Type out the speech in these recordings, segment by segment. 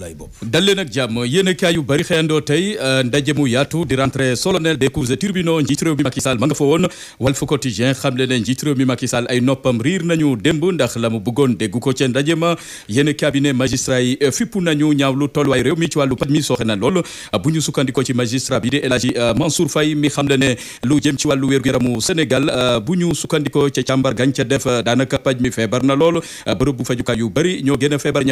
Abdoulaye Bob dal leen ak jàmm yéen yu bëri xëyandoo tey euh, ndaje mu yaatu di rentrée solennelle des cours des tribunaux njiit mi Macky Sall ma woon Walf Quotidien xam le ne njiit mi Macky ay noppam riir nañu démb ndax la mu bëggoon déggu ko ca ndaje ma yéen cabinet magistrat yi euh, fippu nañu ñaawlu tolluwaay réew mi ci wàllu paj mi sooxe na lool bu ñu sukkandikoo ci magistrat bi El Hadji euh, Mansour Faye mi xam ne lu jëm ci wàllu wér-gu-yaramu Sénégal bu ñu sukkandikoo ca càmbar gañ ca def daanaka paj mi feebar na lool bërëb bu fajukaay yu bëri ñoo gën a feebar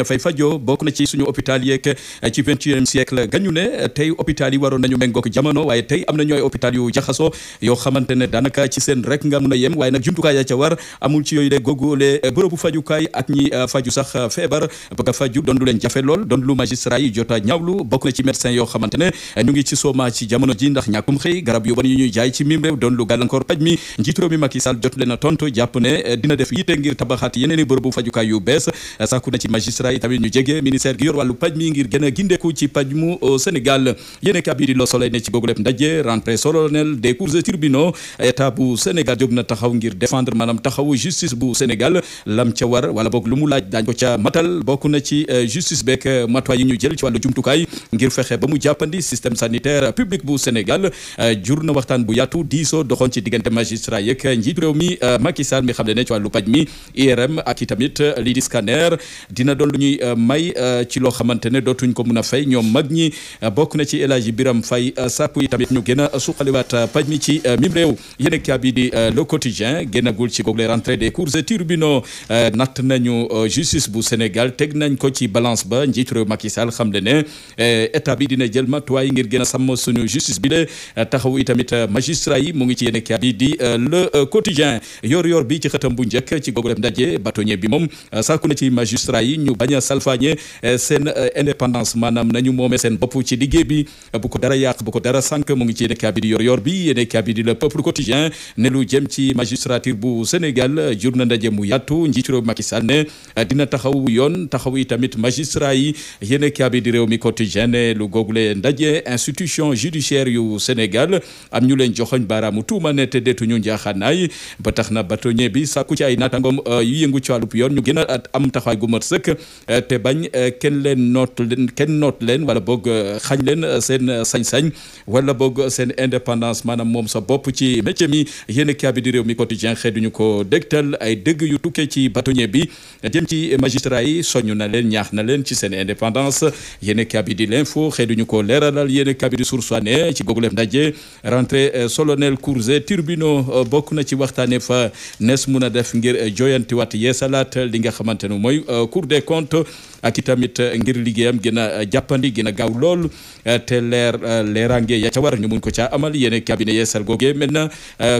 hôpital yeeg eh, ci vingtième siècle gañu ne eh, tey hôpital yi waroon nañu méngoog jamono waaye tey am na ñooy hôpital yu jaxasoo yoo xamante ne daanaka ci seen rek nga mun a yem waaye nag jumtukaay ya war amul ci yooyu de googu le eh, fajukaay ak ñi faju sax feebar bëgg a faju doon lu leen jafe lool lu magistrat yi jota ñaawlu bokk ci médecin yoo xamante ne ñu ngi ci sooma ci jamono ji ndax ñàkkum xëy garab yu bari yu ñuy jaay ci mim réew doon lu gàllankoor paj mi njiitu réew mi Macky Sall jot leen a tontu jàpp ne dina def yitte ngir tabaxaat i bërëbu paj mi ngir gën a gindeeku ci paj mu euh, Sénégal yéene kabi di Soleil ne ci googu lépp ndaje rentrée solennelle des cours et tribunaux bu Sénégal jóg na taxaw ngir défendre maanaam taxaw justice bu Sénégal lam ca war wala boog lu mu laaj daañ ko ca matal bokk na ci euh, justice beek euh, matuwaay yi ñu jël ci wàllu jumtukaay ngir fexe ba mu jàppandi système sanitaire public bu Sénégal jur na waxtaan bu yaatu diisoo doxoon ci diggante magistrat yeeg njiitu réew mi Macky mi i tamit lii di scanner dina doon lu ñuy xamante ne ko mun a fay ñoom mag ñi euh, bokk na ci El Hadji Biram fay euh, Sakku yi tamit ñu gën a suqaliwaat euh, paj mi ci mim réew yéen a bi di le quotidien génnagul ci google rentrée des cours et tribunaux natt nañu justice bu Sénégal teg nañ ko ci balance ba njiitu réew Macky Sall xam le ne état bi dina jël matuwaay ngir gën a sàmm suñu justice bi de taxaw i tamit magistrat yi mu ngi ci yéen a di le quotidien yor yor bi ci xatam bu njëkk ci google ndaje bâtonnier bi moom sàkku ci magistrat yi ñu bañ a indépendance maanaam nañu moomee seen bopp ci liggéey bi bu ko dara yàq bu ko dara sànq mu ngi ci yéene kabi di yor yor bi yéene kabi di peuple quotidien ne lu jëm ci magistrature bu Sénégal jur na ndaje mu yaatu njiitu réew Macky Sall ne dina taxaw yoon taxaw yi tamit magistrat yi yéene kabi di réew mi quotidien ne lu googule ndaje institution judiciaire yu Sénégal am ñu leen joxoñ baaraamu tuuma ne te deetuñu njaaxaanaay ba tax na bâtonnier bi sàkku ci ay naataangoom yu yëngu ci wàllub yoon ñu gën a am taxawaay gu mat noot kenn noot leen wala boog euh, xañ leen euh, seen euh, sañ-sañ wala boog seen indépendance maanaam moom sa bopp ci métier mi yéen a bi di réew mi quotidien xeeduñu ko dégtal ay dëgg yu tukkee ci bâtonnier bi jëm ci magistrat yi soñu na leen ñaax na leen ci seen indépendance yéen a bi di l'info ñu ko leeralal yéen a bi di source ne ci googu ndaje rentrée solennelle cours tribunaux bokk na ci waxtaane fa nees mun a def ngir joyantiwaat yeesalaat li nga xamante ne mooy cour ak i tamit eh, ngir liggéeyam gën a eh, jàppandi gën a gaaw lool eh, te leer leeraange ya ca war ñu mun ko caa amal yéen cabinet yeesal googe maintenant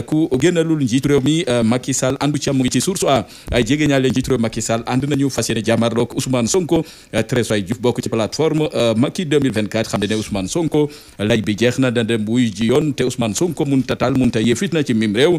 ku génnalul njiitu réew mi Macky Sall àndu ca mu ngi ci source a jege ñaale njiitu réew Macky Sall ànd nañu fas yéene jàmmarloog Ousmane Sonko Tresoy Diouf bokk ci plateforme Macky 2024 xam ne Ousmane Sonko lay bi jeex na dana dem ji yoon te usman Sonko mun tatal mun ta yee fitna ci mim réew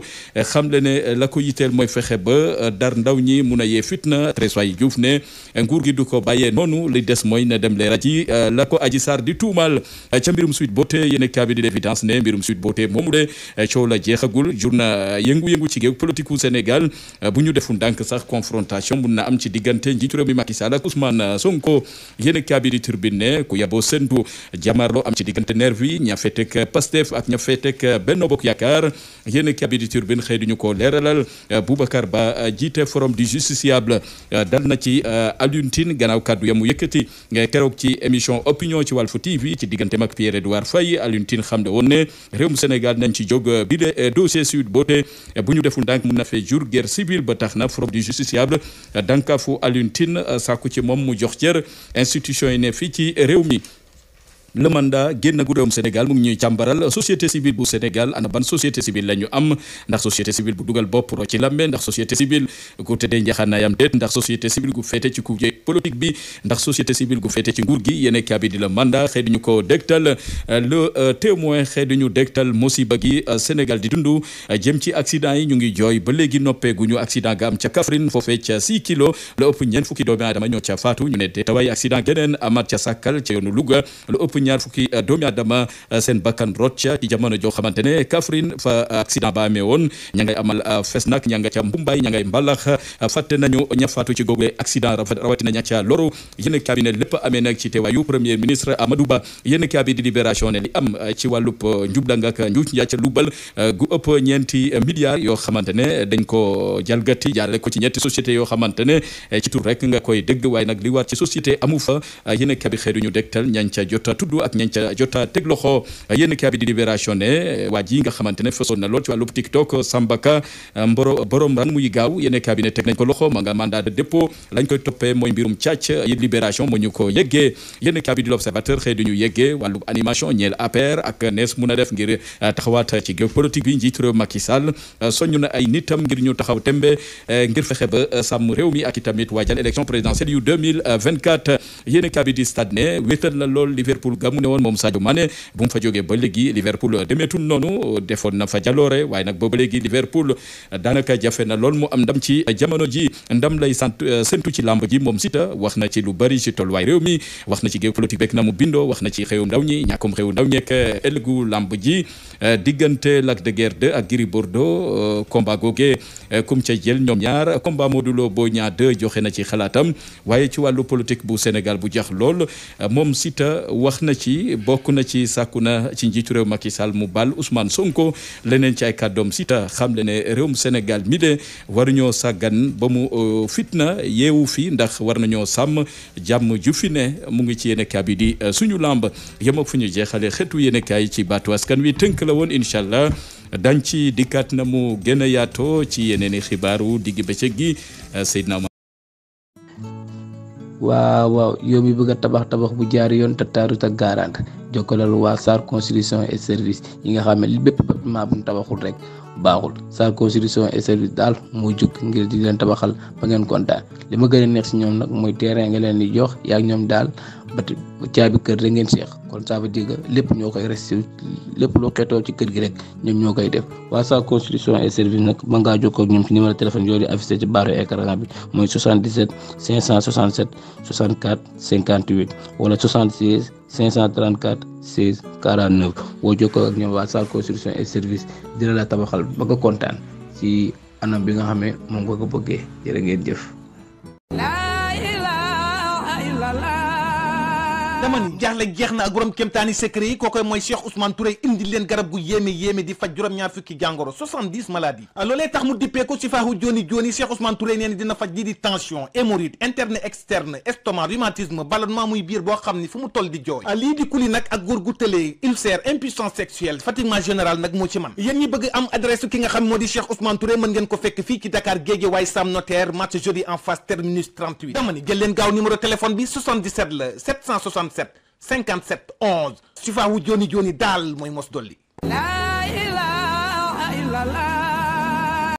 xam le ne la ko yiteel mooy fexe ba dar ndaw ñi mun a yee fitna Tresoy Diouf ne nguur gi du ko bàyyee noonu li des mooy na dem leeral ci euh, la ko Adji Sarr di tuumal euh, ca mbirum Sweet Beauté yéen ak bi ne mbirum Sweet Beauté moomu de euh, jeexagul jur na yëngu ci géew politique Sénégal bu ñu defu ndànk sax confrontation mun na am ci diggante njiitu réew mi Macky Sall ak Ousmane Sonko yéen ak bi di Tribune ku yaboo sentu jamarlo am ci diggante nervi ña fetek Pastef ak ña fetek Benno Bokk Yaakaar yéen ak bi di Tribune xëy ko leeralal Boubacar Ba jiite forum du justiciable ginnaaw kaddu yamu yëkkati eh, keroog ci émission opinion ci Walf TV ci diggante mag Pierre Edouard Faye Alioune Tine xam ne woon ne mu Sénégal nañ ci jog eh, bi de eh, dossier sud boote bu ñu deful ndànk mun na fee jur guerre civile ba tax na fraude du justiciable dankafu Alioune Tine sàkku ci moom mu jox cer institution yi ne fii ci réew mi le mandat génn guddoom Sénégal mu ngi ñuy càmbaral société civile bu Sénégal ana ban société civile la ñu am ndax société civile bu dugal bopp ro ci lambe ndax société civile gu tëddee njaxanaayam déet ndax société civile gu féete ci kujje politique bi ndax société civile gu féete ci nguur gi yéene kaabi di le mandat xëy di ñu ko dégtal le euh, témoin xëy di ñu dégtal musiba gi euh, Sénégal di dund euh, jëm ci accident yi ñu ngi jooy ba léegi noppee gu ñu accident ga am ca Kaffrine foofee ca 6 kilos la ëpp ñeent fukki doomi ñoo ca faatu ñu ne te taway accident geneen amaat ca Sakal ca yoonu ñaar fukki euh, doomi aadama euh, seen bakkan rocca ci jamono joo xamante ne Kaffrine fa euh, accident ba amee woon ña ngay amal fes nag ña nga ca mbumbaay ña ngay mbalax fàtte nañu ña faatu ci google accident rawatina ña ca loru yéen kaabi ne lépp amee nag ci teewaayu premier ministre Amadou Ba yéen kaabi di libération ne li am ci wàllub njublang ak njuuj njaac lubal gu ëpp ñeenti milliards yoo xamante ne dañ ko jalgati jaarale ko ci ñetti société yoo xamante ne ci tur rek nga koy dégg waaye nag li war ci société amu fa yéen kaabi xeedu ñu dégtal ñañ ca jota tudd tudd ak ñañ ca jota teg loxo yéen kaabi di libération ne waa ji nga xamante ne fasoon lool ci wàllu TikTok Sambaka mboro borom muy gaaw yéen kaabi teg nañ ko loxo ma nga mandat lañ koy toppee mooy mbirum càcc yéen libération moo ko yeggee yéen kaabi l'observateur xëy duñu yeggee wàllu animation ñeel APR ak nees mun a def ngir euh, taxawaat ci géew politique bi njiitu réew Macky euh, na ay nitam ngir ñu taxaw tembe euh, ngir fexe ba sàmm réew mi ak itamit waajal élection présidentielle ga mu ne woon moom Sadio Mané bu fa jógee ba léegi Liverpool demeetul noonu defoon na fa jaloore waaye nag booba léegi Liverpool daanaka jafe lool mu am ndam ci jamono ji ndam lay sant sentu ci lamb ji moom sita wax na ci lu bari ci tolluwaay réew mi wax na ci géopolitique bek na mu bindoo wax na ci xew ndaw ñi ñàkkum xew ndaw ñeek elgu lamb ji diggante Lac de Guiers 2 ak Gris Bordeaux combat goge kum ca jël ñoom ñaar combat Modou Lo Boy joxe na ci xalaatam waaye ci wàllu politique bu Sénégal bu jax lool moom sita wax na ci bokk na ci sàkku na ci njiitu réew Macky Sall mu baal Ousmane Sonko leneen ci ay kàddoom si ta xam le ne mu senegal mi de ñoo sàggan ba mu euh, fitna yeewu fi ndax war nañoo sàmm jàmm ju fi ne mu ngi ci yéen a bi di euh, suñu lamb yem fu ñu jeexalee xeetu yéen a kaay ci baatu askan wi tënk la woon incha allah dañ ci dikkaat na mu gën a yaatoo ci yeneen i xibaaru digg bëccëg gi euh, Seydina waaw waaw yow mi bëgg a tabax tabax bu jaar yoon te taaru ak gaaraan jokkalal waa SAR construction et service yi nga xam ne bépp bâtiment bu ñu tabaxul rek baaxul sa constitution e service daal mooy jóg ngir di leen tabaxal ba ngeen kontaan li ma gën a neex si ñoom nag mooy terrain nga leen di jox yaa ñoom daal ba caabi kër rek ngeen seex kon ça veut dire lépp ñoo koy resté lépp loo xeetoo ci kër gi rek ñoom ñoo koy def waa saa constitution et service nag mën ngaa jokkoo ak ñoom ci numéro téléphone yooyu affiché ci barre écran bi mooy 77 567 64 58 wala 76 534 16 49 boo jokkoo ak ñoom waa Sall construction et service dina la tabaxal ba nga kontaan ci anam bi nga xamee moom nga ko bëggee jërë ngeen jëf. dama jaaxle jeex na ak borom kéemtaani secret yi kookoy mooy Cheikh Ousmane Touré indi leen garab gu yéeme yéeme di faj juróom-ñaar fukki jàngoro 70 maladies ah, loolee tax mu dippee si faaxu jooni jooni Cheikh Ousmane Touré nee dina faj lii di tension hémorroïde interne externe estomac rhumatisme ballonnement muy biir boo xam ni fu mu toll di jooy ah, lii di kuli nag ak góor gu tëlee ulcère impuissance sexuelle fatiguement générale nag moo ci man yéen ñi bëgg 77 57 11 Sufa wu joni joni daal mooy mos dolli.